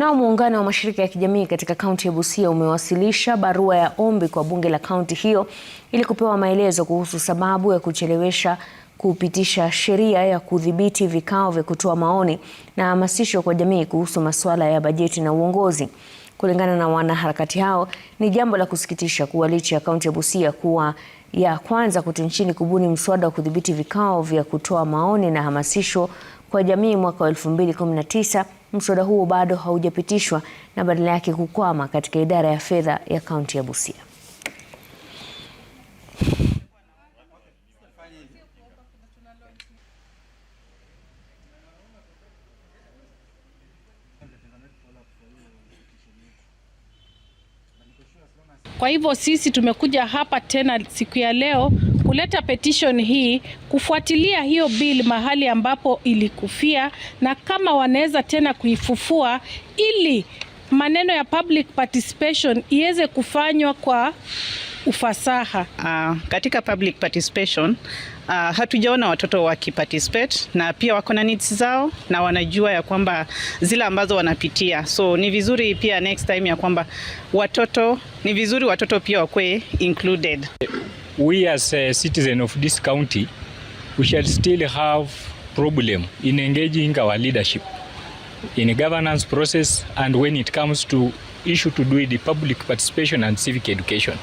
Nao muungano wa mashirika ya kijamii katika kaunti ya Busia umewasilisha barua ya ombi kwa bunge la kaunti hiyo ili kupewa maelezo kuhusu sababu ya kuchelewesha kupitisha sheria ya kudhibiti vikao vya kutoa maoni na hamasisho kwa jamii kuhusu masuala ya bajeti na uongozi. Kulingana na wanaharakati hao, ni jambo la kusikitisha kuwa licha ya kaunti ya Busia kuwa ya kwanza kote nchini kubuni mswada wa kudhibiti vikao vya kutoa maoni na hamasisho kwa jamii mwaka wa 2019, mswada huo bado haujapitishwa na badala yake kukwama katika idara ya fedha ya kaunti ya Busia. Kwa hivyo sisi tumekuja hapa tena siku ya leo kuleta petition hii kufuatilia hiyo bill mahali ambapo ilikufia na kama wanaweza tena kuifufua ili maneno ya public participation iweze kufanywa kwa ufasaha. Uh, katika public participation uh, hatujaona watoto wakiparticipate na pia wako na needs zao na wanajua ya kwamba zile ambazo wanapitia, so ni vizuri pia next time ya kwamba watoto ni vizuri watoto pia wakwe included we as a citizen of this county we shall still have problem in engaging our leadership in a governance process and when it comes to issue to do with the public participation and civic education